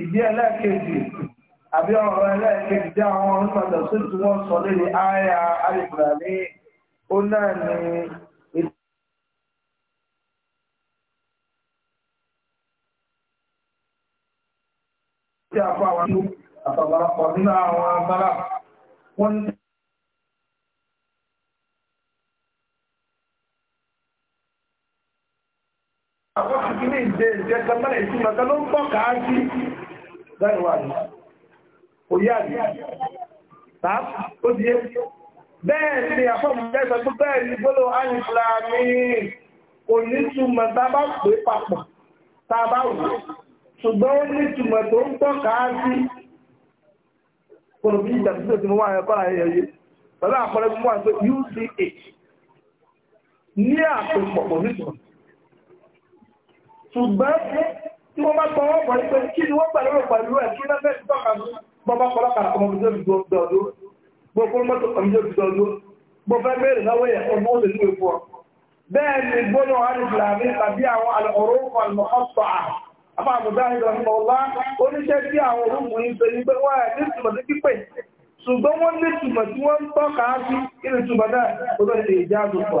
ìdí ẹlẹ́ẹ̀kejì àbí ọ̀rọ̀ ẹlẹ́ẹ̀kejì jẹ́ àwọn onímọ̀tà sí tí wọ́n sọ lórí àyà àlìbùrà ní ó náà ní tí a fọ́ àwọn àtọ̀bọ̀lọpọ̀ nínú àwọn abára wọ́n ní àwọn kìkìlì ìdè ìjẹ́ mẹ́rin ìtumọ̀ ló ń pọ̀ káàkiri báyìí wà ní ni àfọ́mùsẹ́sọ tó bẹ́ẹ̀ ni gbọ́lọ̀ alìsìláàmì kò ní túmọ̀ tábà pé papọ̀ tábà wù ṣùgbọ́n ó ní túmọ̀ tó ń tọ́ka sí kòrò bí ìjàdúgbò tí mo wà ẹ̀kọ́ láyé ẹ̀yẹ pẹ̀lú àpẹẹrẹ mú wà pé UCH ní àpòpọ̀ kò ní túmọ̀ ṣùgbọ́n tí wọ́n bá tọwọ́ bọ̀ ní pé kí ni wọ́n gbà lọ́rọ̀ pẹ̀lú ẹ̀ kí lọ́fẹ́ ti tọ́ka ní bọ́bá pọ̀lọ́kà ọmọ mi tóbi dọ̀dọ̀ gbogbo mọ́tò ọmọ mi tóbi dọ̀dọ̀ mo fẹ́ bẹ́ẹ̀rẹ̀ lọ́wọ́ yẹ ọmọ ó lè ní ìfọ́ bẹ́ẹ̀ ni gbóná alìsìlámì tàbí àwọn alọ̀rọ̀ ọ̀pọ̀ àfa àmùdáhìn lọ́wọ́ oníṣẹ́ tí àwọn orúkùn yìí ṣe ní pé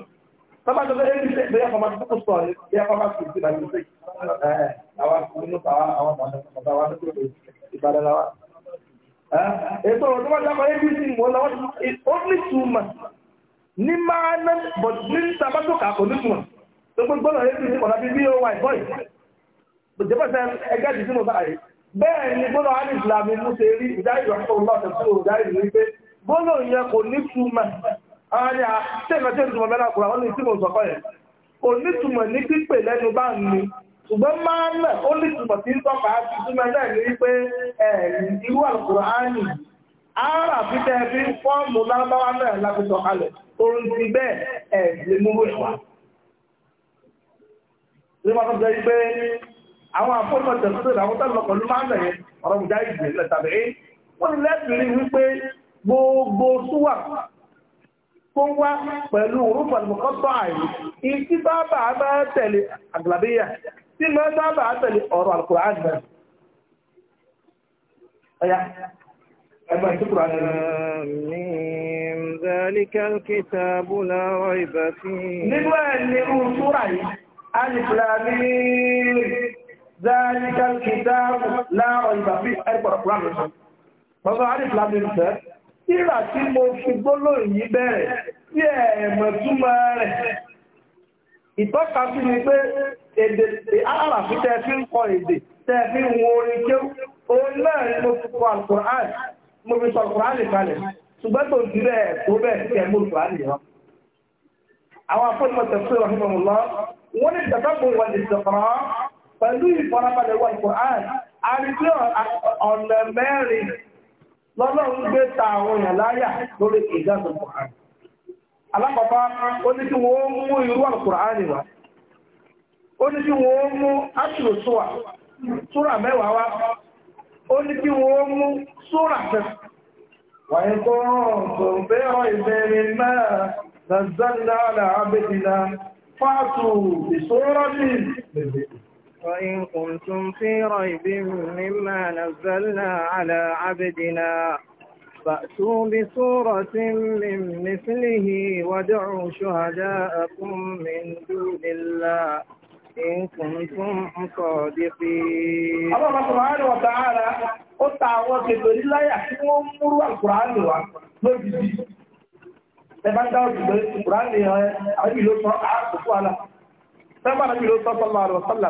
Tọ́ba tó bẹ́ẹ̀ ṣe bẹ́ẹ̀ kọ́ máa tó sọ ní bẹ́ẹ̀ kọ́ máa tó sí ìbàdàn sí. Àwa nínú tàwa àwọn bàbá wa lókè lè ìbàdàn wa. Ètò ọ̀rọ̀ tó wá jábọ̀ ABC mọ̀ lọ́wọ́ ó ní túmọ̀ ní máa ná bọ̀ ní tàbá tó kà kò ní túmọ̀. Tó gbogbo náà ABC kọ̀ láti bí OY boy. Bùjẹ́bọ̀ sẹ́ ẹgbẹ́ ti sí mo sáré. Bẹ́ẹ̀ ni gbọ́dọ̀ á ní ìlànà mú ṣe rí ìdáyìí ààrẹ àtẹ́gbẹ̀ tí ìtumọ̀ mẹ́rin àkùrà wọn ní tí mo yẹn kò ní pípè lẹ́nu bá ń ṣùgbọ́n máa ń lẹ̀ tí ń tọ́ka wípé irú àkùrà fi fọ́ọ̀mù lábáwá náà láti orin ti bẹ́ẹ̀ ẹ̀ lè mú ní wọn pé àwọn máa ń ọ̀rọ̀ gbogbo súwà tó wá pẹ̀lú orúkọ̀lùmọ̀kọ́tọ̀ àìrí ìtí sábà bá tẹ̀lé àgbàbíyà tí mọ́ sábà tẹ̀lé ọ̀rọ̀ Al-Qur'an náà ọya ẹgbẹ́ ìtìkùrà nínú ẹni irú súra yìí Alif Lam Mim Zalikal kitabu la rayba fihi ẹgbẹ̀rọ̀ kùránù tíra tí mo fi gbólóhùn yìí bẹ̀rẹ̀ tí ẹ̀ẹ̀mọ̀ túmọ̀ rẹ̀ ìtọ́ka sí ni pé èdè alàfi tẹ́ fi ń kọ èdè tẹ́ fi ń wo orin kí ó náà ni mo fi kọ alukur'an mo fi sọ alukur'an kalẹ̀ ṣùgbọ́n tó ti rẹ̀ tó bẹ́ẹ̀ kẹ́ mo lù á nìyẹn. àwọn afọ́nìmọ̀ tẹ̀sí rahimahullah wọ́n ní tẹ̀sán wọ̀ ní sọ̀rọ̀ pẹ̀lú ìfọ̀rọ̀balẹ̀ wọ̀ lọ́lọ́run gbé ta àwọn èèyàn láyà lórí ìjáàzù Kùrán. Alákọ̀ọ́kọ́, ó ní kí wọ́n mú irú al wá. Ó ní kí wọ́n mú Aṣìlò Súwà, mẹ́wàá wá. Ó ní kí wọ́n mú Súrà tẹ̀. Wàyí وإن كنتم في ريب مما نزلنا على عبدنا فأتوا بسورة من مثله وادعوا شهداءكم من دون الله إن كنتم صادقين الله سبحانه وتعالى ó ta àwọn kèbèrè láyà kí wọ́n múrú àkùránì wá lójijì ẹbá dá òjìgbé àkùránì ẹ àwọn ìlú sọ àkùkù àlà tẹ́bà náà ìlú sọ sọ́lá àrùn sọ́lá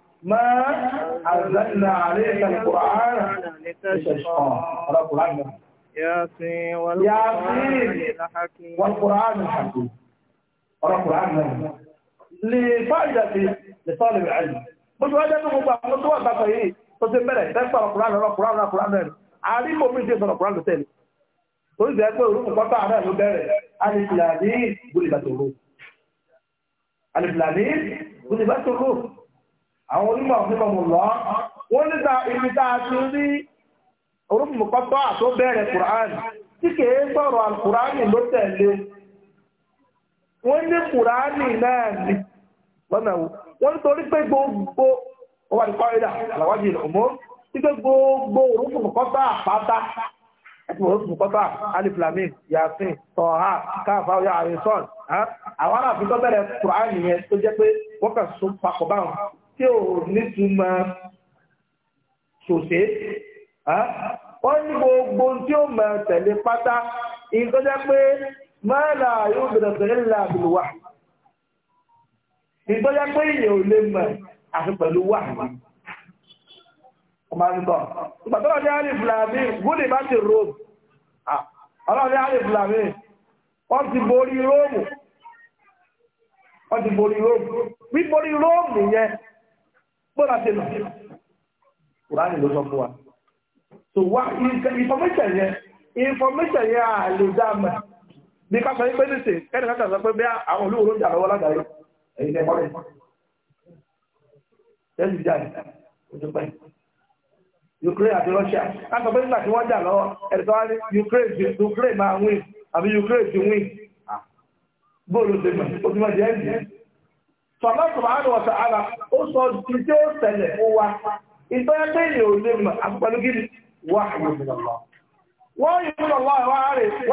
ما أنزلنا عليك القرآن لتشقى القرآن ياسين والقرآن الحكيم القرآن لفائدة لطالب العلم مش واجه انه مبقى مش واجه بقى ايه tó ti bẹ̀rẹ̀ tẹ́sí ọ̀rọ̀ kúránù ọ̀rọ̀ kúránù ọ̀rọ̀ kúránù rẹ̀ àríkò mi ti sọ̀rọ̀ kúránù tẹ́lẹ̀ tó ń jẹ́ pé orúkọ pátá rẹ̀ ló bẹ̀rẹ̀ alìfìlàní gbòlìbàtòrò alìfìlàní gbòlìbàtòrò àwọn onímọ̀ fún ọmọ lọ wọ́n nígbà ibi tá a ti rí orúkùnkùn pátá tó bẹ̀rẹ̀ kùránì tí kìí sọ̀rọ̀ alkùránì ló tẹ̀lé wọ́n ní kùránì náà ní lọ́nà wọ́n torí pé gbogbo ọwọ́ àdìpá ìdá àlàwájì ìlọ̀mọ́ tí pé gbogbo orúkùnkùn pátá pátá ẹ̀sìn orúkùnkùn pátá aliflamin yasin tọ́ha káfà ọ̀yà àrísọ́n àwọn aláàfin tó bẹ̀rẹ̀ kùránì yẹn tó jẹ́ pé wọ́n kà sún papọ̀ báwọn tí ò nítumọ̀ ṣòṣe wọ́n ní gbogbo tí ó mọ̀ tẹ̀lé pátá nǹkan jẹ́ pé mọ́ẹ̀lá yóò bẹ̀rẹ̀ pẹ̀lú ńlá àbìlú wà nǹkan jẹ́ pé èèyàn ò lè mọ̀ àfi pẹ̀lú wà ọmọ àgbọ̀ ìgbà tó lọ́dẹ́ àrífìlàmí gúnlẹ̀ bá ti róòmù ọlọ́dẹ́ àrífìlàmí wọ́n ti borí róòmù wọ́n ti borí róòmù wíborí róòmù yẹn bọ́lá ṣe lọ kùránì ló sọ fún wa so wá information yẹn information yẹn à lè dá mọ̀ ní ká sọ pé nísìn ẹnì kan sọ pé bí àwọn olówó ló ń jà lọ́wọ́ lágbàáyé ẹ̀yin ẹ̀ mọ́lẹ̀ tẹ́lifí jáde ojú Ukraine Ukraine máa win àbí Ukraine ti win bóòlù ti mọ̀ ó ti Tọ́lá Subhanahu wa ta'ala ó sọ ti tí ó tẹ̀lẹ̀ fún wa. Ìtọ́ ẹ pé èèyàn ò lè mọ̀ àpẹẹrẹ gidi wà á yóò mìíràn lọ. Wọ́n yìí mú lọ́wọ́ ẹ̀ gbọ́nà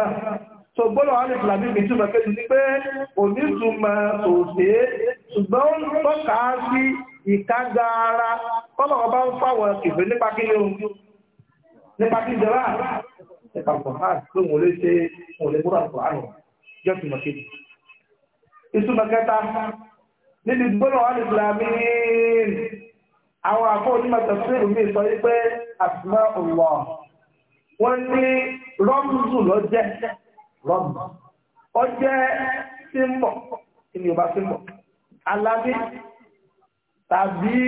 wà ní Fìlàmí mi túmọ̀ kéjì sí pé òní túmọ̀ tòṣe ṣùgbọ́n tọ́ka sí ìkága ara kọ́lọ̀ ọba ń fàwọ̀ ìfẹ́ nípa kí ni ohun nípa kí jọra nípa kọ̀hán pé wọ́n lè ṣe wọ́n lè múra kọ̀hán jọ́ tìmọ̀ kejì. ìtumọ̀ kẹta níbi gbọ́nà alìsìlámì àwọn àfọ́ onímọ̀ tẹ̀síìrì mi sọ wípé àtìmọ́ ọ̀lọ́ wọ́n ní rọ́mùsù ló jẹ́ rọ́mù ó jẹ́ símbọ̀ kí ni Yorùbá símbọ̀ alámi tàbí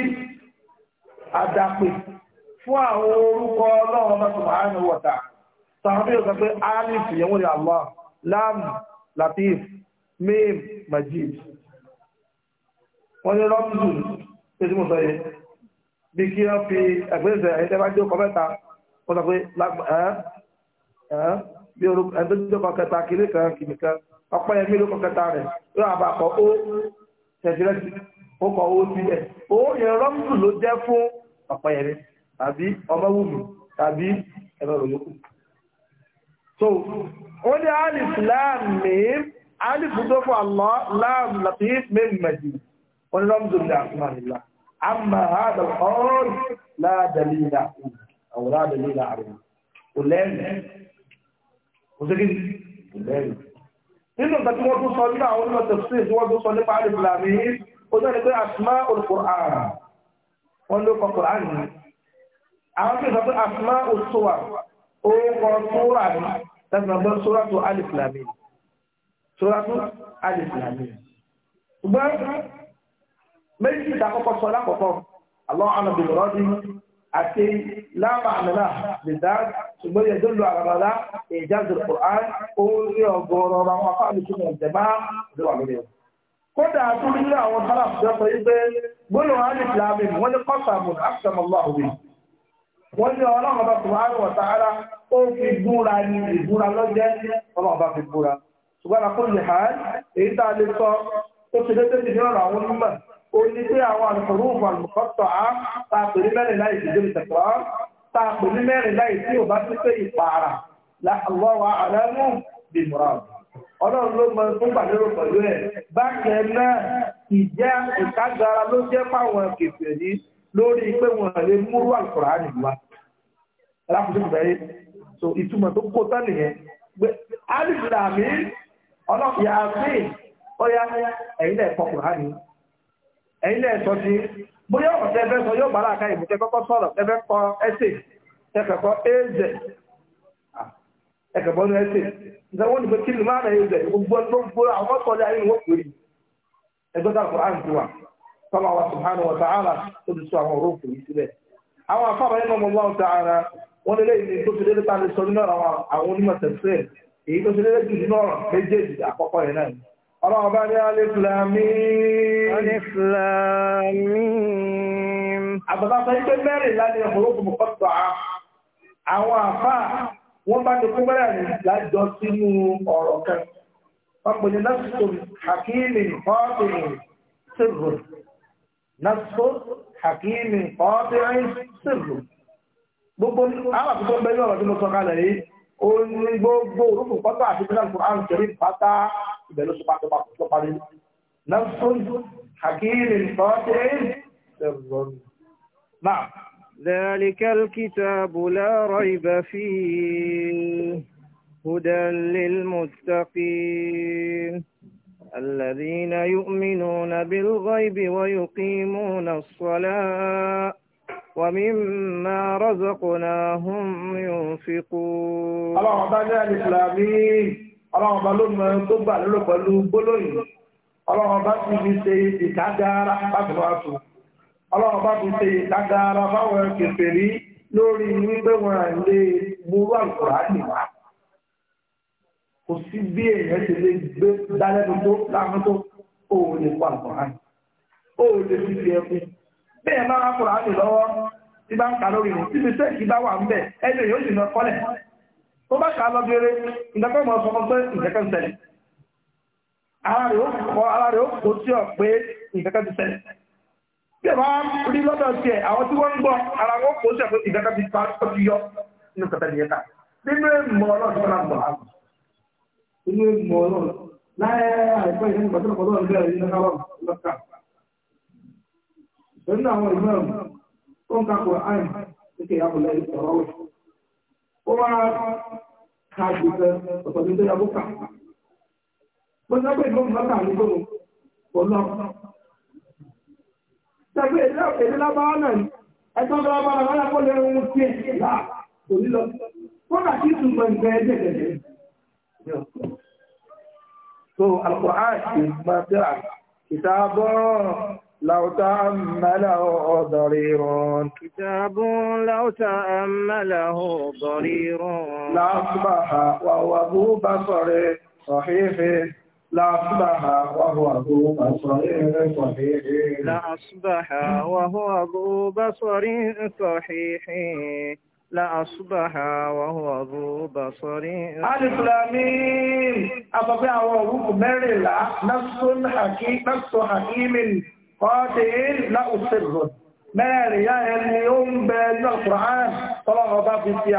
àdàpè fún àwọn orúkọ ọlọ́run bá tún àárín wọ̀ta tàbí ọ̀sán pé alif yẹ̀wò ní allah lam latif mim majid wọ́n ní rọ́mùsù pé tí mo sọ yìí bí kí wọ́n fi ẹgbẹ́sẹ̀ ẹ̀yẹ́tẹ́ bá jókòó mẹ́ta wọ́n sọ pé bí orúkọ ẹ̀dọ́ jókòó kẹta kìnnìkan kìnnìkan ọpẹ́ yẹn mí lókọ̀ kẹta rẹ̀ yóò àbàkọ́ ó tẹ̀sílẹ́sì ó kọ owó sílẹ̀ owó yẹn rọ́mùtù ló jẹ́ fún ọ̀pẹ̀yẹrẹ tàbí ọmọwùmí tàbí ẹ̀rọ yòókù so ó ní alif láàmì alif tó fún àlọ́ láàmì láti mẹ́mẹ́jì ó ní rọ́mùtù ní àfihànilá àmà àdà ọ̀rọ̀ láàdàlí ìlàkùn àwòrán àdàlí ìlàkùn kò lẹ́nu kò sí kí kò lẹ́nu nínú ìgbà tí wọ́n tún sọ nípa àwọn onímọ̀ tẹ̀sí tí wọ́n tún sọ nípa alif láàmì ojú ẹni pé asma olùkùrán wọn ló kọ kùrán ni àwọn tí ó sọ pé asma olùsùwà ó kọ súra ni láti máa gbọ́ súra tó alìsìlámì súra tó alìsìlámì ṣùgbọ́n méjì ìdákọ́kọ́ sọ lákọ̀ọ́kọ́ àwọn ànàbìnrin àti láàmà àmìlà bìdá ṣùgbọ́n yẹ dúró àràbàdá ìjáde kùrán ó rí ọgọ́rọ̀ àwọn afáàlùsùn ìjẹ̀bá ló wà lórí ẹ̀ kódà àtúrí ní àwọn tààràfù jọ́sọ wípé gbọ́nà alif lamin wọ́n ní kọ́sàmùn àṣàmọ́láhùwé wọ́n ní ọlọ́run bá tùwá àrùn ọ̀tàrà ó fi búra ní ìbúra lọ́jẹ́ ọlọ́run bá fi búra ṣùgbọ́n àkó lè ha èyí tá a lè sọ ó ti dédé ní ọ̀rọ̀ àwọn onímọ̀ ó ní pé àwọn àlùfọ̀rọ̀ òfò á ta pè ní mẹ́rin láì sí débi tẹ̀kọ́ ta pè ní mẹ́rin láì sí ò bá ti pé ìpààrà láàlọ́wọ́ àlẹ́mú bí mùràbù ọlọ́run ló mọ fún gbàlérò pẹ̀lú ẹ̀ bákan náà ìjẹ́ ìkágbára ló jẹ́ fáwọn kèfèé ní lórí pé wọn lè múrú àlùkùránì wá alákòóso bẹ̀rẹ̀ so ìtumọ̀ tó kó tán nìyẹn pé alìsìlámì ọlọ́pìá sí ọyá ẹ̀yìn náà ẹ̀kọ́ kùránì ẹ̀yìn náà ẹ̀sọ́ sí bóyá ọ̀sẹ̀ fẹ́ sọ yóò bá ẹ̀kẹ̀ bọ́nú ẹ̀sẹ̀ ìdáwọ́ nípa kí ló máa ń ẹ̀yẹ gbogbo gbogbo àwọn ọ̀sọ̀lẹ̀ ayé wọ́n pèrè ẹgbẹ́ dàpọ̀ àǹtí wa fọlá wa subhanahu wa ta'ala tó ti sọ àwọn ọ̀rọ̀ òkú síbẹ̀ àwọn afábà yẹn mọ̀ lọ́wọ́ ta'ala wọ́n lé lẹ́yìn tó fi lélẹ́ tani sọ nínú ọ̀rọ̀ àwọn onímọ̀ tẹ̀sílẹ̀ èyí tó fi lélẹ́ jù nínú ọ̀rọ̀ méjèèjì àkọ́kọ́ yẹn náà ọlọ́run bá ní alif lam mim alif lam mim àbàbà mọ̀kọ́tọ̀ àwọn àfáà wọ́n bá ti pín bẹ́rẹ̀ ní lájọ sínú ọ̀rọ̀ kan ọpọlọ nafsu hakimin qati'in sirru nafsu hakimin qati'in sirru gbogbo àwọn àkókò ń bẹ ní ọ̀rọ̀ tí mo sọ kalẹ̀ yìí ó ní gbogbo orúkọ pátá àti pínlẹ̀ kò án kẹrí pátá ìbẹ̀ ló parí nafsu hakimin qati'in sirru náà ذلك الكتاب لا ريب فيه هدى للمتقين الذين يؤمنون بالغيب ويقيمون الصلاة ومما رزقناهم ينفقون اللهم بارك الإسلامي اللهم من تبع لبلو بلوي اللهم بارك في سيدي كدار أكبر ọlọ́run bá fi ṣe ìtagbára fáwọn kèfè rí lórí wípé wọn à lè gbowó àgbòrá nìwá kò sí bí èèyàn ṣe lè gbé dálẹ́nu tó láwọn tó ó lè kó àgbòrá nì ó lè fi fi ẹkún bẹ́ẹ̀ bá rákòrá nì lọ́wọ́ tí bá ń kà lórí rẹ̀ tíbi sẹ́ẹ̀kì bá wà ń bẹ̀ ẹni yóò sì lọ kọ́lẹ̀ tó bá kà á lọ géré ìdẹ́kọ̀ sọ pé ìdẹ́kọ̀ ń ṣẹlẹ̀ ara rẹ̀ ó kọ́ ara rẹ̀ ó kó sí ọ̀ pé ìdẹ́kọ̀ ti ṣẹlẹ̀ bí ẹ̀ máa rí lọ́dọ̀ sí ẹ̀ àwọn tí wọ́n ń gbọ́ ara wọn kò sẹ̀kọ́ ìgbàgbà ti pa ọ́ ti yọ nínú kẹta ìyẹn ká nínú èèmọ̀ ọlọ́run tó náà bọ̀ á nínú èèmọ̀ ọlọ́run láyé àìpẹ́ ìyẹn nígbà tó lọ́kọ̀ lọ́run bẹ́ẹ̀ yìí lọ́kà lọ́kà nínú àwọn ìlú ẹ̀rù tó ń kakọ̀ àìm níkẹ́ ìyàbọ̀ lẹ́yìn ọ̀rọ̀ Tẹ̀gbé èdè lábáwá náà ni, ẹjọ́ tó lábáwá náà lápọ̀ lẹ́nu ohun tí èdè là kò ní lọ. Kọ́nà kí ìtumọ̀ kìtàbọ̀ لو تأمله ضرير كتاب لو تأمله ضرير لأصبح وهو ذو لا أصبح وهو ذو بصر صحيح لا أصبح وهو ذو بصر صحيح لا أصبح وهو ذو بصر ألف لامين أبقى وهو لا نفس حكيم نفس حكيم قاتل لا أصبح مر يا ẹni ó ń bẹ ní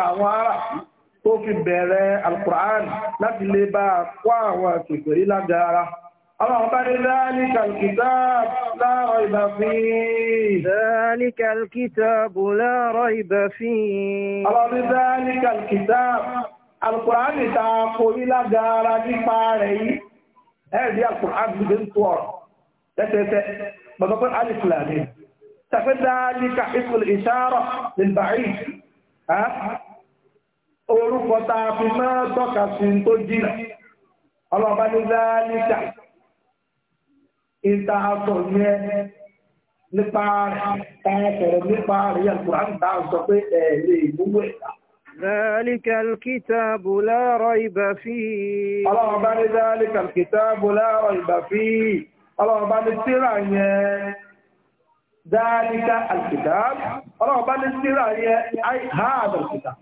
tó fi bẹ̀rẹ̀ alukur'an láti lè bá kó àwọn àtòkèrè lágara ọlọ́run bá ní ذلك الكتاب لا ريب fi. ذلك الكتاب لا ريب فيه ọlọ́run ní ذلك الكتاب alukur'an ta kòrí lágara nípa rẹ̀ yìí ẹ̀rí alukur'an gbogbo ń tó ọ̀rọ̀ lẹ́sẹẹsẹ orúkọ tá a fi máa tọ́ka sí tó jìnà ọlọ́ọ̀bá ní záníkà ìta àtọ̀ yẹn nípa ẹ̀ẹ́kẹ̀rẹ̀ nípa rẹ̀ Al-Qur'an ń bá sọ pé ẹ̀ lè gbogbo ẹ̀ta. ذلك الكتاب لا ريب فيه ọlọ́run bá ní ذلك الكتاب لا ريب فيه ọlọ́run bá ní ذلك الكتاب ọlọ́run bá ní tírà هذا الكتاب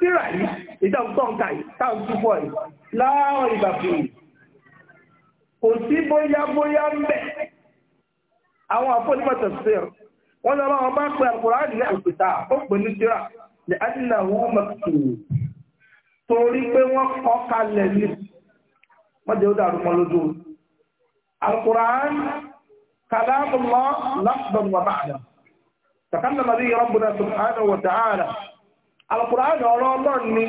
tíra yìí ìjọ tọ́ǹkà yìí táwọn túbọ̀ yìí láàárọ̀ ìgbà fún yìí kò sí bóyá bóyá ń bẹ̀ àwọn àfọ́nímọ̀tò sí ọ wọ́n lọ́wọ́ wọn bá pe àkùránì ní àkùtà ó pè ní tíra ní adínáwó mẹ́tò torí pé wọ́n kọ́ kalẹ̀ ní wọ́n jẹ́ ó dàrú mọ́ lójú àkùránì kàlámù lọ́ lọ́sọ̀dọ̀ wà bàdà تكلم به ربنا سبحانه وتعالى alùpùránì ọ̀rọ̀ ọlọ́run ni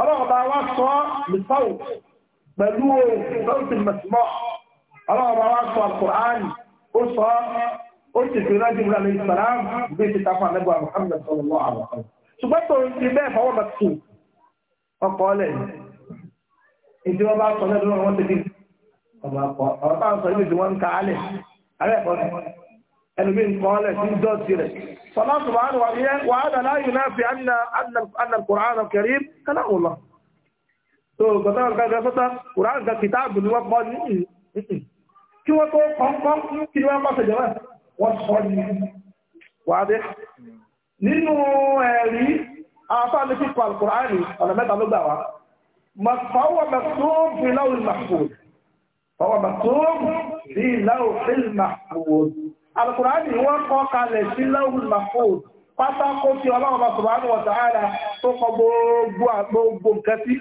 ọlọ́run bá wá sọ lùsọ́ọ̀ pẹ̀lú ohun sọ́ọ̀tì mẹ̀sìmọ́ ọlọ́run bá wá sọ alùpùránì ó sọ ó sì fi rájú ìmúra lè sàrá bí ti tafa àlẹ́gbà Muhammad sallallahu alaihi wa sallam ṣùgbọ́n tó ń ti bẹ́ẹ̀ fọwọ́ mẹ́tù ọkọ̀ ọlẹ̀ ìdí wọn bá sọ lẹ́nu wọn ti di ọ̀rọ̀ táwọn sọ yóò di wọn ń ka ẹnumí nǹkan ọlẹ̀ sí dọ́ọ̀tì rẹ̀. Fọlá Sùbáàrù wà yẹ wà á dàlá yìí náà fi ànà Kùránù Karim kálá òlọ. Tó gbọ́dọ̀ gbàgbà sọ́tà Kùránù ga kìtáàbù ni wọ́n kọ́ ní ìhìn. Kí wọ́n tó kọ́ńkọ́ kí wọ́n bá Alùkùránì wọ́n kọ́ kalẹ̀ sí lawhul mahfuz pátákó tí ọlọ́run bá subhanahu wa ta'ala tó kọ gbogbo àgbogbo nǹkan sí.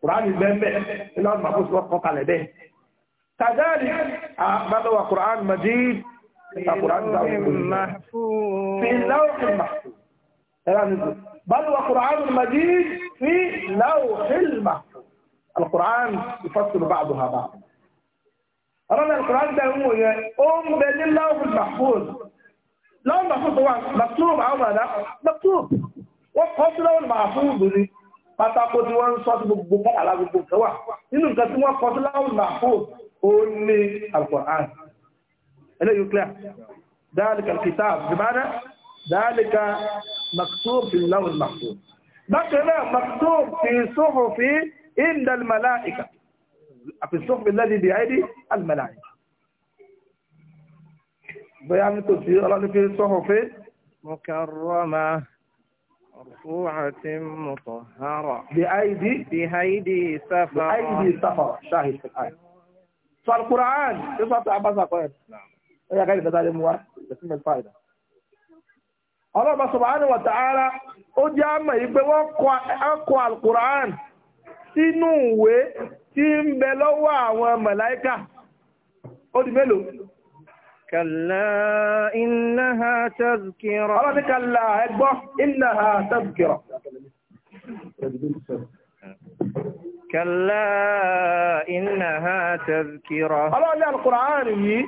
Kùránì bẹ́ẹ̀ lọ́wọ́ mahfuz tí wọ́n kọ́ kalẹ̀ bẹ́ẹ̀. Kàdáàlì àbádọ́wà بل وقرآن مجيد في لوح المحفوظ القرآن يفصل بعضها بعض ọlọ́nà ìkùrán tẹ̀ ń wò yẹn ó ń bẹ ní lọ́wọ́ mahfuz lọ́wọ́ mahfuz tó wà maktub àwọn àdá maktub wọ́n kọ́ sí lọ́wọ́ mahfuz ni pátákó tí wọ́n ń sọ sí gbogbo kọ́kàlá gbogbo kẹwà nínú nǹkan tí wọ́n kọ́ sí lọ́wọ́ mahfuz ó ní alquran eléyìí clear ذلك الكتاب بمعنى ذلك مكتوب في اللوح المحفوظ بقى مكتوب في صحف عند الملائكه في الثقب الذي بيعيدي الملاعب بيعني تصير في صحف مكرمة مرفوعة مطهرة بأيدي بأيدي سفر بأيدي سفر شاهد في الآية سوى القرآن يسوى إيه في عباس أقوال نعم هي إيه غير بدال مواء لكن الفائدة الله سبحانه وتعالى أجام يبوى أقوى القرآن سنوه tí ń bẹ lọ́wọ́ àwọn màláíkà ó di mélòó kàlá ináha tazkira ọlọ́ni kàlá ẹgbọ́ ináha tazkira kàlá ináha tazkira ọlọ́ni alkùnrin yìí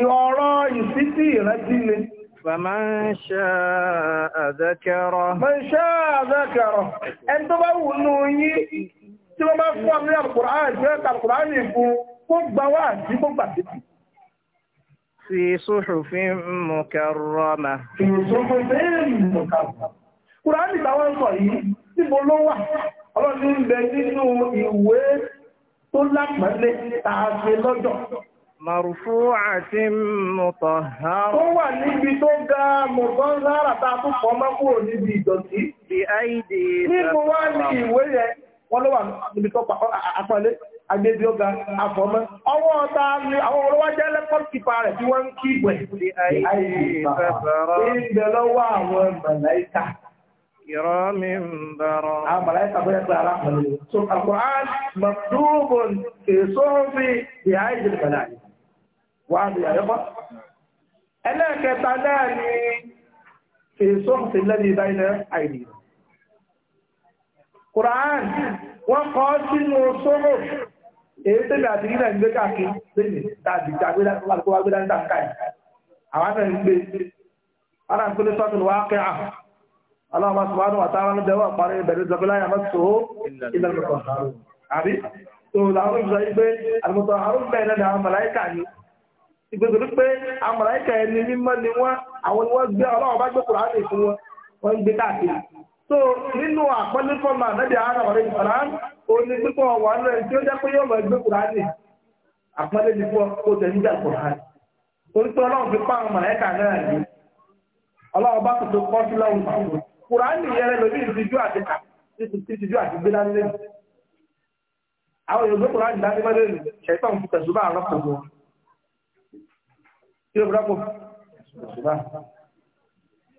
ìwọ̀rọ̀ ìsítí ìrántí ni Fàmán ṣáà àzákẹ́rọ. Fàmán ṣáà àzákẹ́rọ. Ẹni tó bá wù nù yí tí wọ́n bá fún àmì àlùkùránì ìgbẹ́ àlùkùránì ìfún kó gbà wá àti kó gbà títì. Fi suhufin mukarrama. Fi suhufin mukarrama. Kùránì ìgbàwọ́ ń sọ yìí níbo ló wà? Ọlọ́ni ń bẹ nínú ìwé tó lápẹ̀lẹ̀ tààfin lọ́jọ́. Màrùfú àti mutahhara. Ó wà níbi tó ga mutahhara tá a tún pọ̀ mọ́kúrò níbi ìdọ̀tí. Bí àìdè. Níbo wá ní ìwé yẹn? wọ́n ló wà níbi tó pa apọ́lé agbébí ọ̀gá àfọ̀mọ́. ọwọ́ ọ̀tá ni àwọn olówó jẹ́ lẹ́kọ̀ọ́ kìpa rẹ̀ tí wọ́n ń kí ìwẹ̀. ìbẹ̀ lọ́wọ́ àwọn màláìkà. Ìrọ́mí ń bẹ̀rọ. Al-Qur'an, Mabdubun, Kèsófi, the Aijil Màláì. Wà ní àyọ́kọ́. Ẹlẹ́ẹ̀kẹta náà ni Kèsófi lẹ́ni Quran wọ́n kọ́ sínú sóró èyí tẹ́lẹ̀ àti nílẹ̀ ń gbé káàkiri lẹ́yìn tàbí tàbí wàlúkọ́ wàgbé dáńtà káì àwọn náà ń gbé ana ń kúlé sọ́tún wá kẹ́ à aláwọ̀ sọ́wọ́n wà táwọn ló dẹwọ́ parí ìbẹ̀rẹ̀ ìjọba yà máa tó ilẹ̀ mọ̀tọ̀ àbí tó làwọn pé àlùmọ̀tọ̀ àrùn ni ni ìgbésòrí ẹni mímọ́ ni wọ́n àwọn ni wọ́n gbé ọlọ́wọ́ bá gbé kùránì fún wọn wọ́n ń gbé káàkiri so nínú àpọ́lé fọ́mà nàbí àárọ̀ ọ̀rẹ́ ìfọ̀rán òní pípọ̀ wà ń rẹ̀ tí ó jẹ́ pé yóò mọ̀ ẹgbẹ́ kùránì àpọ́lé ní fún ó tẹ̀ níjà kùránì orúkọ ọlọ́run fi pa àwọn mọ̀lẹ́kà náà ní ọlọ́run bá tuntun kọ́ sí kùránì yẹrẹ ìtìjú àti ìtìjú àti àwọn èèyàn ṣẹ̀tàn tẹ̀sùbà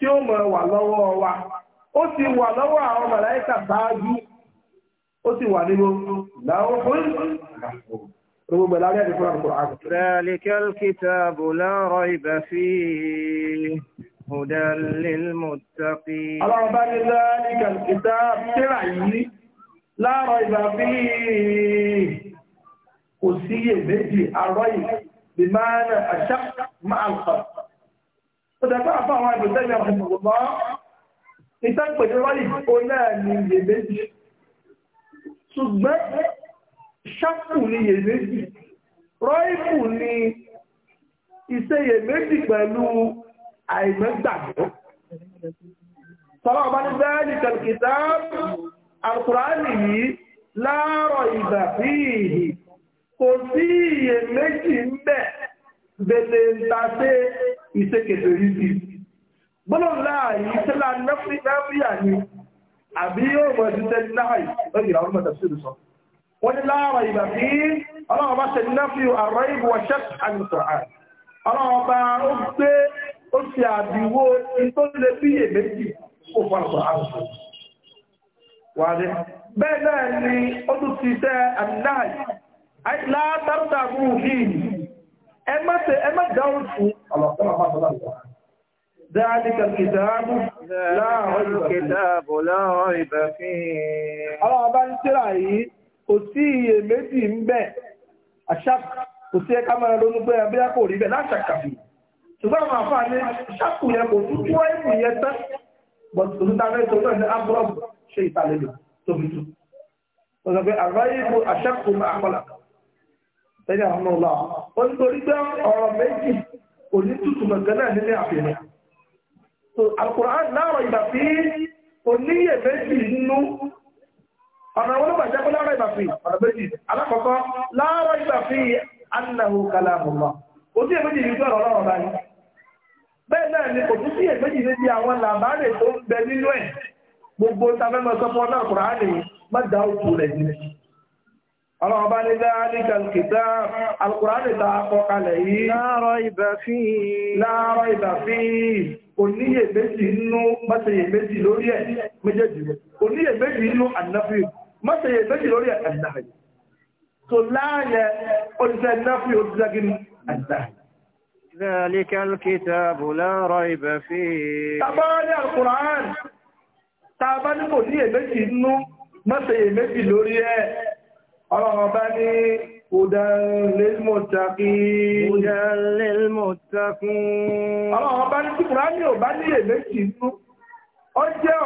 tí ó mọ̀ wà lọ́wọ́ wa ó ti wà lọ́wọ́ àwọn màláíkà báájú ó ti wà nínú láwọn fún Gbogbo ẹ̀lá rẹ̀ àrùkù àrùkù. Zalikal kitabu la rayba fihi hudan lil muttaqin. Àwọn ọba ní méjì àrọ́yìn bí máa ń àṣà máa ń pàtàkì. Ọjọ́ká àbá àwọn àgbẹ̀sẹ̀ ìyá ọ̀pọ̀lọpọ̀ ìtàn pẹ̀lú ráyì ó náà ni iyèméjì. Ṣùgbọ́n ṣápù ni iyèméjì. Rọ́ìpù ni iṣẹ́ iyèméjì pẹ̀lú àìmọ́gbàgbọ́. Sọ́lá ọba ní bẹ́ẹ̀ ní kẹ̀kẹ̀tà Àkùránì yìí láàárọ̀ ìgbà fíìhì. Kò sí iyèméjì ń bẹ̀ bèlè ń iṣẹ́ kẹfẹ́ rí sí gbọ́nà láàrin iṣẹ́ láàrin náfíà ni àbí yóò mọ̀ ṣiṣẹ́ náàì lọ́gbìn àwọn ọmọdé sí ìrùsọ wọ́n ní láàrin ìgbà tí ọlọ́run bá ṣe náfí àrọ́ ìbò ọ̀ṣẹ́ àmìsọ̀rán ọlọ́run bá ó gbé ó ṣe àbíwó tó lè bí èméjì kó fún àwọn àrùsọ wàdé bẹ́ẹ̀ náà ni ó tún ti tẹ́ àmì náà látàrí ẹ má ṣe ẹ má fún àlọ́sọ́lá máa sọ́lá ìwà ذلك الكتاب لا ريب الكتاب لا ريب فيه àwọn ọba ń tíra yìí kò sí iyèméjì ń bẹ àṣàk kò sí ẹka máa ronú pé abẹ́yà kò rí bẹ́ẹ̀ láṣàkàbí ṣùgbọ́n àwọn àfáà ní ṣàkù yẹn kò tún tún ẹ̀kù yẹn tán bọ̀dù tó ó nítorí pé ọ̀rọ̀ méjì kò ní tútù mọ̀gán náà nílé àfihàn so alukur'an láàrọ̀ ìgbà tí kò níyè méjì nínú ọ̀nà wọn bá jẹ́ pé láàrọ̀ ìgbà fi ọ̀nà méjì alákọ̀ọ́kọ́ láàrọ̀ ìgbà fi annahu kalamullah kò sí èméjì yìí gbọ́rọ̀ ọlọ́rọ̀ báyìí bẹ́ẹ̀ náà ni kò tún sí èméjì níbi àwọn làbárè tó ń bẹ nínú ẹ̀ gbogbo Ọlọ́run bá ní dáríkà kìtà alkùránì ta kọkalẹ̀ yìí. Láàrọ̀ ìbà fi. Láàrọ̀ ìbà fi. Oníyè méjì nínú mọ́sẹ̀yè méjì lórí ẹ̀ méjèèjì. Oníyè méjì nínú ànáfì. Mọ́sẹ̀yè méjì lórí ẹ̀ ànáfì. So láàyẹ oníṣẹ́ náfì oníṣẹ́ gíní ànáfì. ذلك الكتاب لا ريب فيه تباني القرآن تباني مولي يمشي ما سيمشي لوريه ọlọ́run bá ní ìdánlélmọ̀tàkùn ọlọ́run bá ní tíkùrá ní ò bá ní èméjì inú ó jẹ́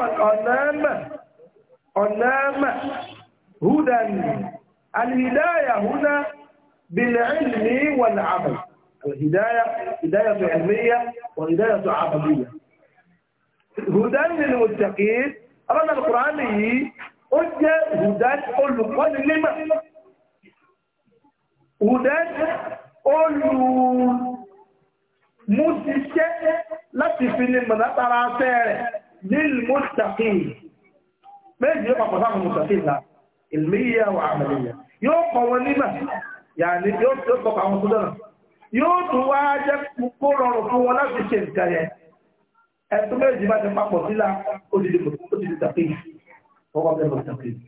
ọ̀nàmà húdàn alìdáyà húná bìlẹ̀ ìlú wọ̀nà àbàlì الهداية هداية علمية وهداية عقلية هدى للمتقين أرانا القرآن ó jẹ́ hùdán olùkọ́ni límà hùdán olùmúṣiṣẹ́ láti fi ní mọ̀látara afẹ́ rẹ̀ nílùú mọ́sàkì méjì yóò pàpọ̀ sáàmù mọ́sàkì ìlà ìlmíyà wà àmàlìyà yóò kọ wọn nímà yàní yóò tó kọ àwọn tó dọ̀nà yóò tún wá jẹ́ kó rọrùn fún wọn láti ṣe nǹkan yẹn ẹ̀tún méjì bá ti papọ̀ sílá ó ti di وقبل المتقين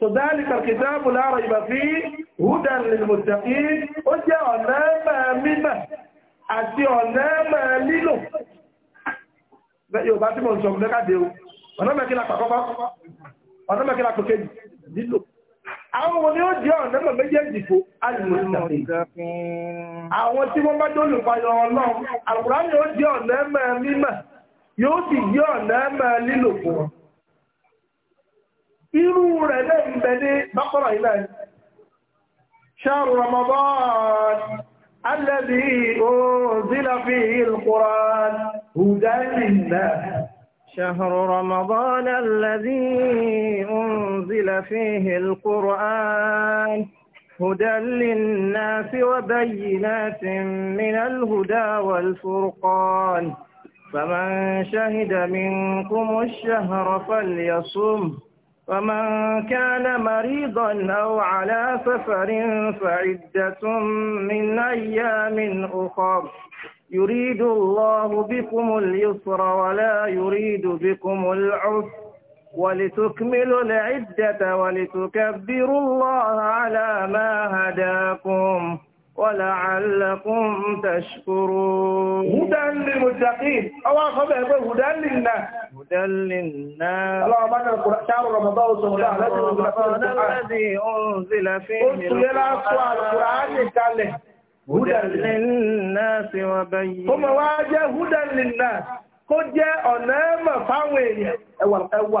فذلك الكتاب لا ريب فيه هدى للمتقين ó jẹ́ ọ̀nà máa mímọ̀ àti ọ̀nà máa lílò Yorùbá tí mo ń sọ lẹ́kàdé o ọ̀nà mẹ́kílá pàkọ́kọ́ ọ̀nà mẹ́kílá àwọn wọn ni ó jẹ́ ọ̀nà mọ̀ méjèèjì fò àwọn tí wọ́n bá dólù payọ̀ ọlọ́run àkùrá ni ó jẹ́ ọ̀nà máa mímọ̀ yóò sì jẹ́ ọ̀nà máa lílò fún wọn irú rẹ̀ lẹ́yìn بقرة bákọ́rà شهر رمضان الذي أنزل فيه القرآن هدى للناس شهر رمضان الذي أنزل فيه القرآن هدى للناس وبينات من الهدى والفرقان فمن شهد منكم الشهر فليصمه ومن كان مريضا أو على سفر فعدة من أيام أخر يريد الله بكم اليسر ولا يريد بكم العسر ولتكملوا العدة ولتكبروا الله على ما هداكم ولعلكم تشكرون هدى للمتقين الله خبر هدى للناس هدى للناس اللهم ان القران شهر رمضان الذي انزل فيه القران هدى للناس وبين ثم واجه هدى للناس kó jẹ́ ọ̀nà ẹ̀mọ̀ fáwọn èèyàn ẹwà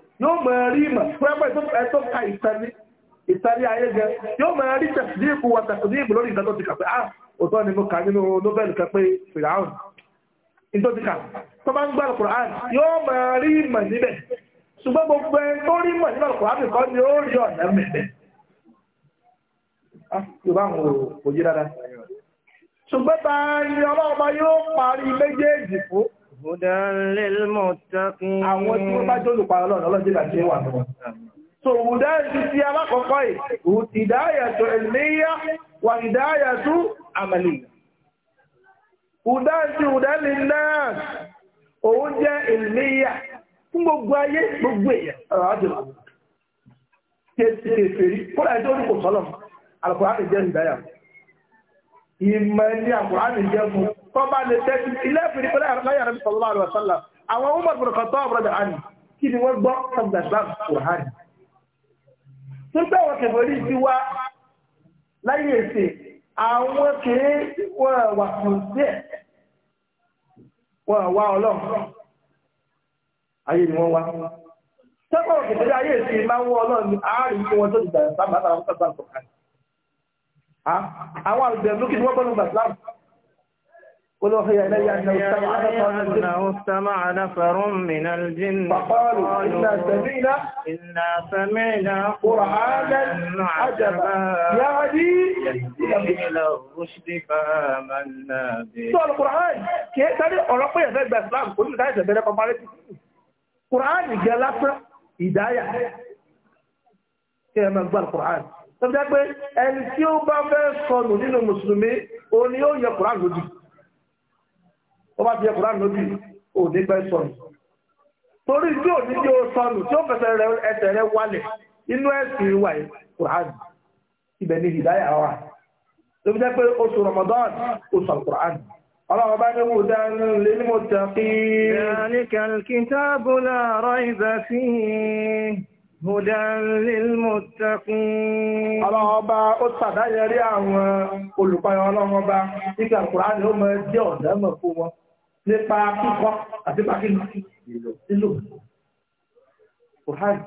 yóò mọ̀ rí ìmọ̀ pẹ́pẹ́ ẹ̀tọ́ ka ìtàní ìtàní ayé gẹ yóò mọ̀ rí tẹ̀síìpù wa tẹ̀síìpù lórí ìgbà ti kà ah òtọ́ ni mo kà nínú nobel kan pé fìràhùn nítorí ti kà tó bá ń gbà lọ́kùnrin àn yóò mọ̀ rí ìmọ̀ níbẹ̀ ṣùgbọ́n gbogbo ẹ̀ tó rí ìmọ̀ níbẹ̀ lọ́kùnrin àbí kan ni ó rí ọ̀nà mẹ́mẹ́ ah, ṣùgbọ́n ta ni ọlọ́ọ̀bá yóò Hudan lil muttaqin. Àwọn tí wọ́n bá jẹ́ olùpa ọlọ́run ọlọ́dún àti ẹwà tó wọn. So hudan ti ti alákọ̀ọ́kọ́ yìí, hidayatu ilmiya wa hidayatu amaliya. Hudan ti hudan lil nas, òun jẹ́ ilmiya fún gbogbo ayé gbogbo èèyàn ọ̀rọ̀ àjọ̀lá. Kèsì kèsì rí, kó láì tó olùkọ̀ sọ́lọ̀, àlùkò tó bá lè tẹ́tí ilé ìfìdí pẹ̀lú láyà rẹ̀ sọ̀rọ̀ àrùn àṣálà àwọn Umar bin Khattab àbúrọ̀dà àní kí ni wọ́n gbọ́ sọ̀rọ̀ Islam Kùránì. tún pé àwọn kẹfẹ́rí ti wá láyé èsè àwọn kìí wọ́n wà fún díẹ̀ wọ́n wá ọlọ́run ayé ni wọ́n wá. sẹ́kọ̀ọ́ kẹfẹ́rí ayé èsè máa ń wọ ọlọ́run ní àárín tí قل أوحي إلي أنه استمع نفر من الجن نفر من الجن فقالوا إنا سمعنا إنا سمعنا قرآنا عجبا يا يهدي إلى الرشد فآمنا به سؤال القرآن كيف تاني أوروبا يزال بإسلام كل ده يزال بإسلام قرآن جلس هداية كيف ما القرآن طب ده أنت يوم بقى صلوا لنا مسلمين ونيو يقرأ لجيك ó bá ti yẹ kùránù lóbi ò ní pẹ́ sọnù torí tí ò ní yóò sọnù tí ó fẹsẹ̀ rẹ ẹsẹ̀ rẹ wálẹ̀ inú ẹ̀sìn wà yìí kùránù ibẹ̀ ni hìdáyà wà tó fi jẹ́ pé oṣù Ramadan oṣù kùránù ọlọ́run bá ní wùdá ní ilé ní mo tẹ̀ kí. ذلك الكتاب لا ريب فيه Hudan lilmuttaqin. Ọlọ́run ọba ó tàdáyẹrí àwọn olùpayọ̀ ọlọ́run ọba nígbà Kùránì ó máa jẹ́ ọ̀dẹ́mọ̀ fún wọn nípa kíkọ́ àti pàkínú ìlú. Kùránì,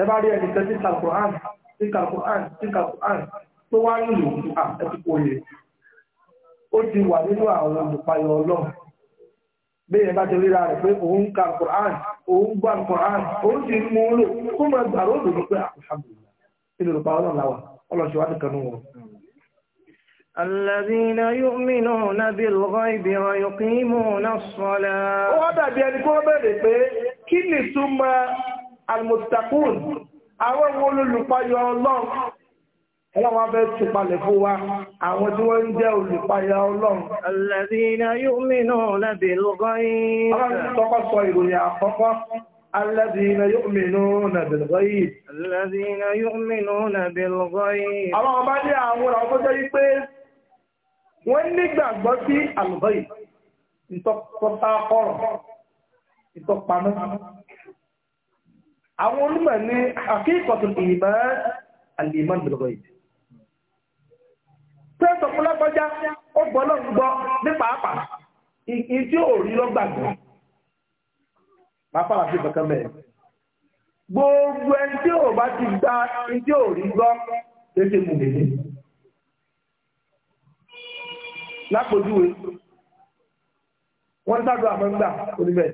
ẹ bá rí ẹnìkan tí ka ka Kùránì, ka ti wa ti ka òun gbà kọ̀án òun sì mú un lò kó máa gbà lóòdù ní pé alhamdulillah inú ló bá ọlọ́run láwà ọlọ́run ṣe wá nìkan nù wọn. الذين يؤمنون بالغيب ويقيمون الصلاة. Ó dàbí ẹni kó bẹ̀rẹ̀ pé kí ni súnmọ́ àlùmọ̀tàkùn àwọn olùlùpayọ̀ ọlọ́run Ọlọ́run fẹ́ ti palẹ̀ fún wa, àwọn tí wọ́n ń jẹ́ olùpayà Ọlọ́run. Alladhina yu'minuna bil ghaib. Ọlọ́run tọ́kọ́ sọ ìròyìn àkọ́kọ́. الذين يؤمنون بالغيب الذين يؤمنون بالغيب àwọn ọba ní àwọn ọmọ tó jẹ́ pé wọ́n nígbàgbọ́ sí al-ghaib ìtọ́pọ̀tà kọ̀rọ̀ ìmọ̀ al-iman bil pẹ́ẹ́sì ọ̀pọ̀lọpọ̀já ó gbọ́ ló ń gbọ́ ní pàápàá ìdí òòrí ló gbàgbọ́. pàápàá fi kankan mẹ́rin. gbogbo ẹni tí ò bá ti gba ìdí òòrí gbọ́ léṣe mú lélẹ̀. lápòjúwe wọ́n sábà àmọ́ ń gbà oníbẹ̀.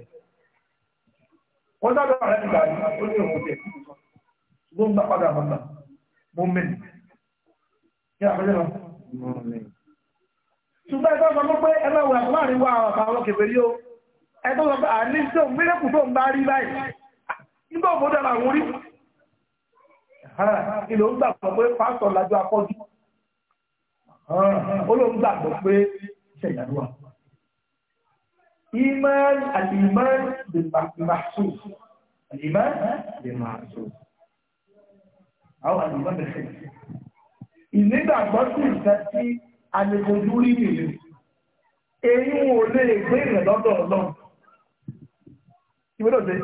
wọ́n sábà àmọ́ ń gbà ó ní òun tẹ̀ ṣùgbọ́n gbà padà gbà mọ́mẹ́ni. ní àpẹẹrẹ náà ṣùgbọ́n ẹgbẹ́ ọmọ pé ẹgbẹ́ wẹ̀ láàrin wa àwọn kèfè rí o ẹgbẹ́ ọmọ àní tí ó mẹ́rẹ̀kù tó ń bá rí báyìí nígbà òbódà làwọn orí ilẹ̀ ń gbàgbọ́ pé pásọ̀ lájọ akọ́jú ó ló ń gbàgbọ́ pé ṣẹ̀yàdúwà iman aliman bimaxus ìnígbàgbọ́ sí ìfẹ́ tí àlejòjú rí nìyẹn èyí ò lè gbé ìrìn lọ́dọ̀ ọlọ́run ìwé lòdì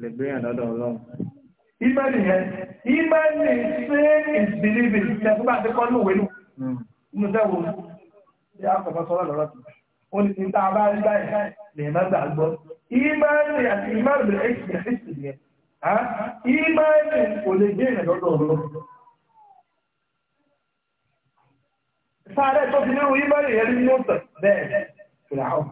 lè gbé ìrìn lọ́dọ̀ ọlọ́run ìmẹ́lì yẹn ìmẹ́lì ṣe ìbìlìbì ìṣẹ́gbà tí kọ́ lóòwé nù inú hmm. sẹ́wọ̀ bí a kọ̀ọ̀kan sọ́rọ̀ lọ́rọ̀ tó ó ní ti ta bá rí báyìí lè má gbà gbọ́ ìmẹ́lì àti ìmẹ́lì ẹ̀ṣì sáré tó fi nírú yíbẹ̀rẹ̀ yẹn ní mọ́tò bẹ́ẹ̀ fìràwọ̀.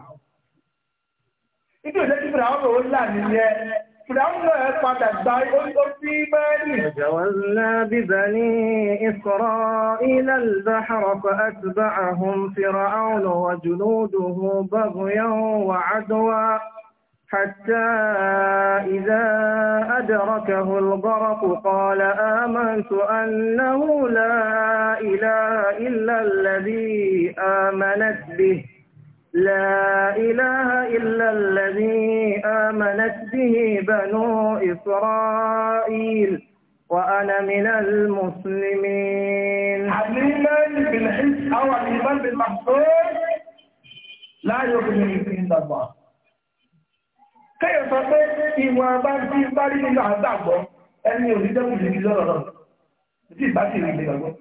Ibi òjò tí fìràwọ̀ lò ó là nìyẹn. Fìràwọ̀ náà padà gba ó sí bẹ́ẹ̀lì. Jàwọ́nà bíbẹ̀ ní ìsọ̀rọ̀ ilẹ̀ ìdáhàrọ̀ kọ́ ẹ̀tùbá àhùn fìràwọ̀ wà jùlọ́dùn bọ́gùn yẹn wà á حتى إذا أدركه الغرق قال آمنت أنه لا إله إلا الذي آمنت به لا إله إلا الذي آمنت به بنو إسرائيل وأنا من المسلمين حليما بالحس أو حليما بالمحصول لا يغني عند الله kẹ́yẹ̀ sọ pé ìwọ̀n bá bí bá rí nínú àgbàgbọ́ ẹni ò ní dẹ́kun lè fi lọ́rọ̀ náà tí ìbá sì rí ìgbàgbọ́.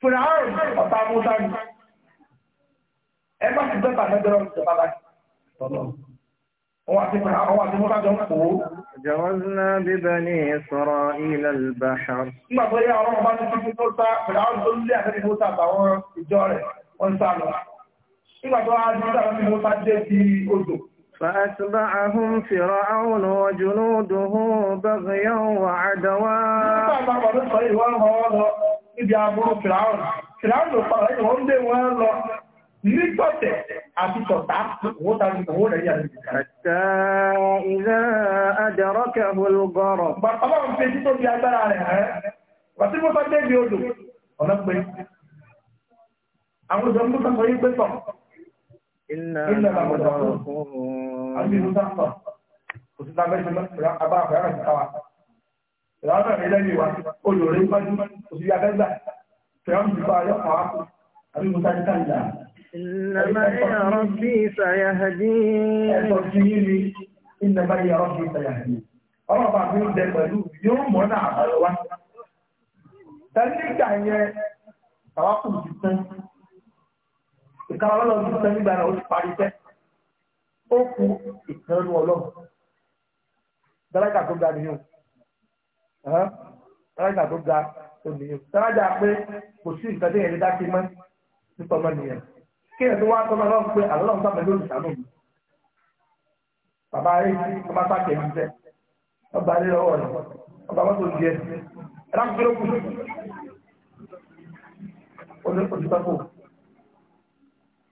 fúnra ọ̀rùn ọ̀tá mọ́tà ni ẹ bá ti bẹ́ẹ̀ bá mẹ́jọ́rọ̀ ìjọba bá tọ̀lọ̀. Àwọn àti mọ́tà jọ ń pò ó. Jọ̀wọ́sná bíbẹ̀ ní sọ̀rọ̀ ilẹ̀ ìbáṣà. Nígbà tó yá ọ̀rọ̀ ọba ní fífi tó sá, fúnra ọ̀rùn lé àtẹ́kẹ́ tó àtàwọn ìjọ rẹ̀ wọ́n sá lọ. Nígbà tó wá ní sọ̀rọ̀ ní mọ́tà dé bí odò. فأتبعهم فرعون وجنوده بغيا وعدوا níbi aburú fìràún fìràún ló pàrọ̀ ẹ̀yìn wọ́n dé wọ́n lọ nígbọ̀tẹ̀ àti tọ̀tà owó tàbí owó rẹ̀ yà lórí ìkàrẹ̀. Àtà ìlà àdàrọ́kẹ̀ olùgọ́rọ̀. Ọlọ́run fi títò bí agbára rẹ̀ rẹ̀. Wàtí mo sọ débi odò, ọ̀nà pé. Àwọn òjò ń bú sọ pé pé sọ̀rọ̀ iná àmọ́dọ̀ fún un. àti ìlú sáfà kò sí tábẹ́ ìṣẹ́ abá àfẹ́rẹ́ sí káwa. ìlànà náà nílẹ̀ ní ìwà olùrẹ́ gbájú kò sí abẹ́gbà fẹ́ràn jù bá yọ àwọn àpò àbí musa ní káyà. ìnàmá ìyá rọ́bì ni ìnàmá ìyá rọ́bì sàyàhàdì. ọlọ́pàá mi ń bẹ pẹ̀lú yóò mọ̀ náà àbáyọ wá. tẹ́lifíkà yẹn àwọn àpò ti tán nǹkan ọlọ́run ti sọ nígbà náà ó ti parí tẹ́ ó kú ìtẹ́nu ọlọ́run dárájà tó ga nìyẹn dárájà tó ga tó nìyẹn dárájà pé kò sí nǹkan tó yẹn lè dá sí mọ́ nípa ọmọ nìyẹn kí ẹ̀ tó wá tọ́mọ ọlọ́run pé àlọ́run sábẹ̀ lórí ìsàmù mi bàbá rẹ̀ ọba sáàkì ẹ̀mí tẹ́ ọba rẹ̀ lọ́wọ́ rẹ̀ ọba mọ́tò ń jẹ ẹ̀rá kúrò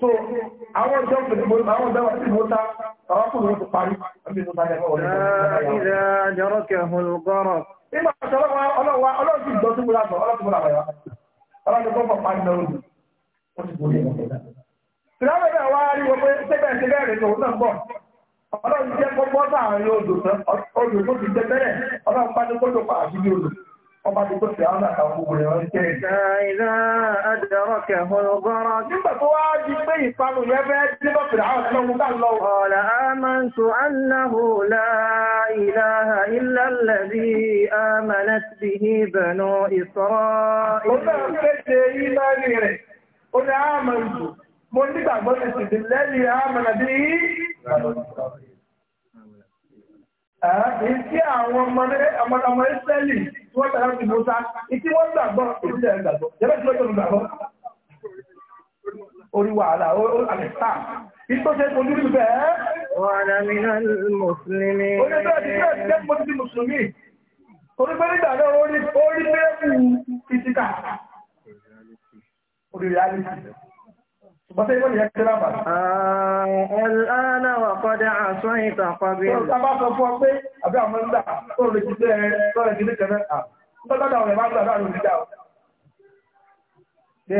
So àwọn ìjọ àwọn ìjọ àti ìmúta àwọn kò lóòtù parí àbí ìmúta ẹ̀kọ́ ọ̀rẹ́ ìrẹ́ àjọrọ́kẹ̀ ọ̀gọ́rọ̀. Nígbà ọ̀sọ̀lọ́wọ́ ọlọ́wà ọlọ́ọ̀sì ìjọ tí múra sọ ọlọ́ọ̀sì múra wáyá. Ọlọ́ọ̀sì tó pọ̀ parí lọ́rùn. Ó ti borí ẹ̀kọ́ náà. Ìrọ̀lẹ́ bẹ̀rẹ̀ wá rí wọ́pẹ́ sẹ́bẹ̀ sí bẹ́ẹ̀rẹ̀ tó náà bọ̀. Ọlọ́run jẹ́ kọ́kọ́ láàrin odò tán, odò tó ti jẹ bẹ́rẹ̀, ọlọ́run bá ní kó tó pa àbí ní odò. Ọba ti kó ti àwọn àtàwọn òwúrẹ̀ wọn jẹ́. Ìgbà ìlà فأدركه الغرق قال آمنت أنه لا إله إلا الذي آمنت به بنو إسرائيل قل آمنت قل لك أبنى سبيل الذي آمن به Ìtí àwọn ọmọ Ísẹ́lì tí wọ́n tàbí ti Mọ́sá, ìtí wọ́n gbàgbọ́ ìrúdẹ̀ ìgbàgbọ́. Jẹ́bẹ́ tí ó jẹ́ olùgbàgbọ́. Orí wàhálà, àlẹ́sà. Ìtọ́ jẹ́ ojú rí bẹ́ẹ̀. Wọ́n á mi náà mùsùlùmí. Ó jẹ́ bẹ́ẹ̀ tí ó jẹ́ mo ti mùsùlùmí. Torí pé nígbà náà ó الآن وقد عصيت قبل Bí ẹ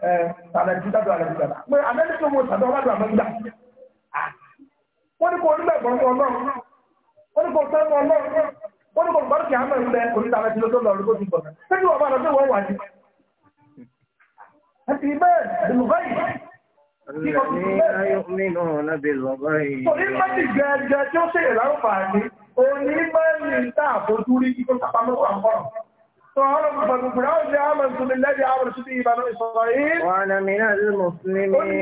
ẹ tàbí dájú àlẹ́bìdàdà. Pé àmẹ́lẹ́ tó mú tàbí ọlọ́dọ̀ àmẹ́lẹ́dà. Wọ́n ní kò onígbà ìgbọ̀nmọ́ ọlọ́run. Wọ́n ní kò sẹ́mọ́ ọlọ́run. Wọ́n ní kò gbọ́dọ̀ kí á mẹ́rin bẹ onítàbẹ́ tí ló tó lọ rí kó ti gbọ̀nà. Ṣé kí wọ́n bá lọ sí wọ́n wà ní? Àti bẹ́ẹ̀, ìlú báyìí. الذين يؤمنون بالغيب torí mẹ́tì gẹ́gẹ́ tí ó ṣe ìlànfààní òní mẹ́rin tààbójú rí kíkó tàbámọ́kọ̀ àkọ́rọ̀ وأنا من المسلمين الآن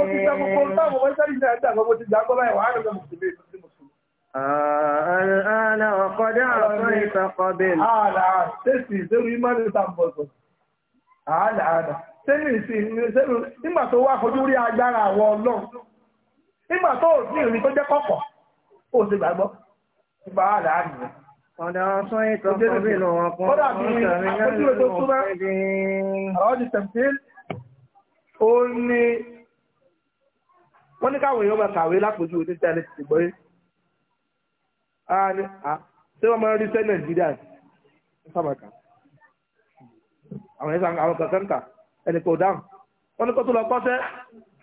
وقد عصيت قبل الآن تسي زوي ما نتعبط الآن sẹ́nu ìsìn sẹ́nu nígbà tó wá fojú rí agbára àwọn ọlọ́run nígbà tó ò sí ìrìn tó jẹ́ kọ̀kọ̀ ó ti gbàgbọ́ ìgbà wà láàrin rẹ̀. Ọ̀dà ọ̀sán ètò ọkọ̀ bí wọn kún. Kọ́dà bí àpótí ètò súnmọ́, àwọn ti tẹ̀m̀tìl, ó ní wọ́n ní káwọn èèyàn máa kàwé lápòjú ní tẹ́lẹ̀ ti gbọ́ yé. A ẹnì kò dáhùn wọn ní kó tó lọ kọ́ṣẹ́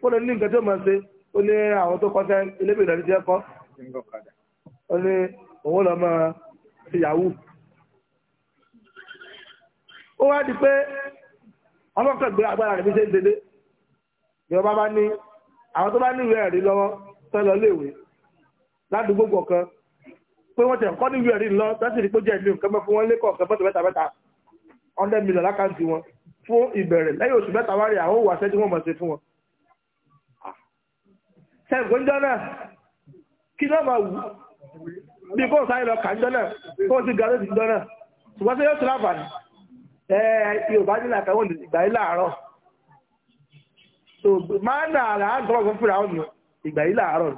kó lè ní nǹkan tí ó máa ṣe ó ní àwọn tó kọ́ṣẹ́ elébè ìdàrí ti ẹ̀kọ́ ó ní òun lọ máa ṣe yahoo ó wá di pé ọlọ́kàn gbé agbára rẹ̀ fi ṣe ń dédé ìjọba bá ní àwọn tó bá ní ìwé ẹ̀rí lọ́wọ́ tọ́lọ léèwé ládùúgbò kọ̀ọ̀kan pé wọ́n tẹ̀ kọ́ ní ìwé ẹ̀rí lọ tọ́sí ní pé jẹ́ ìlú nǹkan mọ́ fún wọn lé kọ̀ọ̀kan mọ́tò mẹ́ta mẹ́ta hundred lákàntì wọn fún ìbẹ̀rẹ̀ lẹ́yìn oṣù mẹ́ta wárí àwọn òwò àṣẹ tí wọ́n mọ̀ sí fún wọn. sẹ́gbọ́njọ́ ah. náà kí náà máa wù bí kò sáyé lọ kàńjọ́ náà kó o ti ga lóṣù jọ náà ṣùgbọ́n sí yóò tún láǹfààní yorùbá nílà àtàwọn ìgbà yìí láàárọ̀ so máa nà àrà àgbọ̀rọ̀ fún fúnra ọ̀nà ìgbà yìí láàárọ̀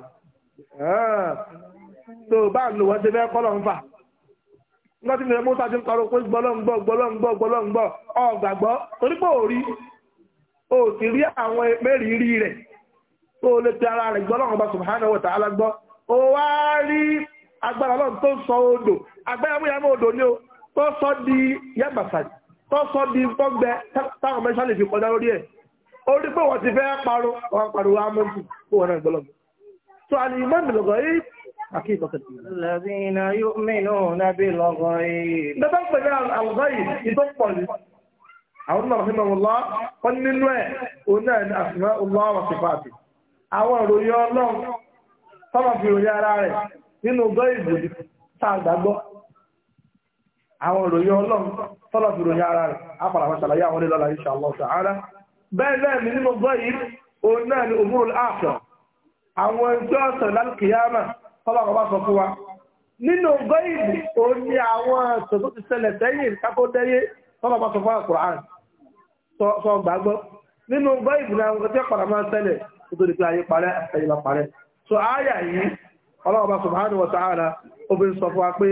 so ń wọ́n fẹ́ kọ́ nígbà tí mẹ́rin mọ́ta ti ń parọ́ pé gbọ́lọ́ngbọ́ gbọ́lọ́ngbọ́ gbọ́lọ́ngbọ́ ọ̀gbàgbọ́ torípò òrí o sì rí àwọn mẹ́rìírí rẹ̀ tó lè pe ara rẹ̀ gbọ́ lọ́wọ́ bá subhanahu wa ta'ala gbọ́ o wá rí agbára ọlọ́run tó sọ odò agbára múyàmú odò ni o tó sọ di yàgbàsà tó sọ di gbọ́gbẹ táwọn mẹ́sàn lè fi kọjá lórí ẹ̀ ó rí pé wọ́n ti fẹ́ parọ́ wọ́n parọ́ wá mọ́tò kó wọn náà gbọ́lọ́gbọ́ حقيقة الذين يؤمنون بالغيب ده بقى ده الغيب يطبل àwọn rahimahullah wọ́n nínú ẹ̀ oná ní asma'ullah wa sifati àwọn ìròyìn ọlọ́run tọ́mà fi ròyìn ara rẹ̀ nínú gọ́ ìbò tàgbàgbọ́ àwọn ìròyìn ọlọ́run tọ́mà fi ròyìn ara rẹ̀ apàlàwọ̀ ṣàlàyé àwọn onílọ́lá insha Allah ta'ala bẹ́ẹ̀ bẹ́ẹ̀ ni nínú gọ́ yìí oná ní umurul akhirah àwọn ẹjọ́ ọ̀sán lálùkìyàmà tọ́lọ́kọ̀ bá sọ fún wa nínú gọ́ìbì ó ní àwọn ẹ̀sọ̀ tó ti ṣẹlẹ̀ sẹ́yìn kákó dẹ́yé tọ́lọ́kọ̀ bá sọ fún àkùrán sọ gbàgbọ́ nínú di pé ayé parẹ́ ẹ̀yìn so ááyà yìí ọlọ́run bá subhanahu ta'ala obìnrin sọ fún wa pé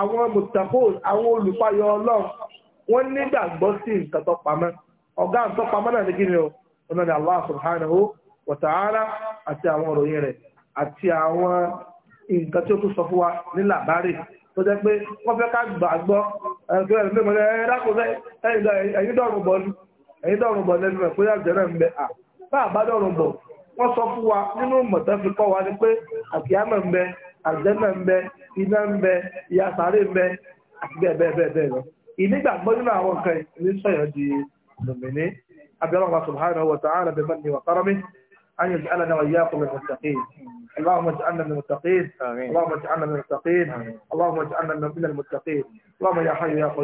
àwọn mùtàkùn àwọn olùpayọ ọlọ́run wọ́n nígbàgbọ́ sí nǹkan tó pamọ́ ọ̀gá nǹkan pamọ́ náà ní kíni o ọ̀nà ni Allah subhanahu wa ta'ala àti àwọn òròyìn rẹ̀ àti àwọn nǹkan tí ó tún sọ fún wa ní làbárì tó jẹ́ pé wọ́n fẹ́ ká gbàgbọ́ ẹ̀yìn dọ̀rùn bọ̀ lẹ́nu ẹ̀ pé àjẹ́ náà ń bẹ à bá àbá dọ̀rùn bọ̀ wọ́n sọ fún wa nínú mọ̀tẹ́ fi kọ́ wa ni pé àkíyámọ̀ ń bẹ àjẹ́mọ̀ ń bẹ iná ń bẹ ìyàsáré ń bẹ àti bẹ́ẹ̀ bẹ́ẹ̀ bẹ́ẹ̀ bẹ́ẹ̀ lọ ìnígbàgbọ́ nínú àwọn nǹkan ìní sọ̀yọ́ di mùmìnì اللهم اجعلنا من المتقين اللهم اجعلنا من المتقين اللهم اجعلنا من المتقين اللهم يا حي يا قيوم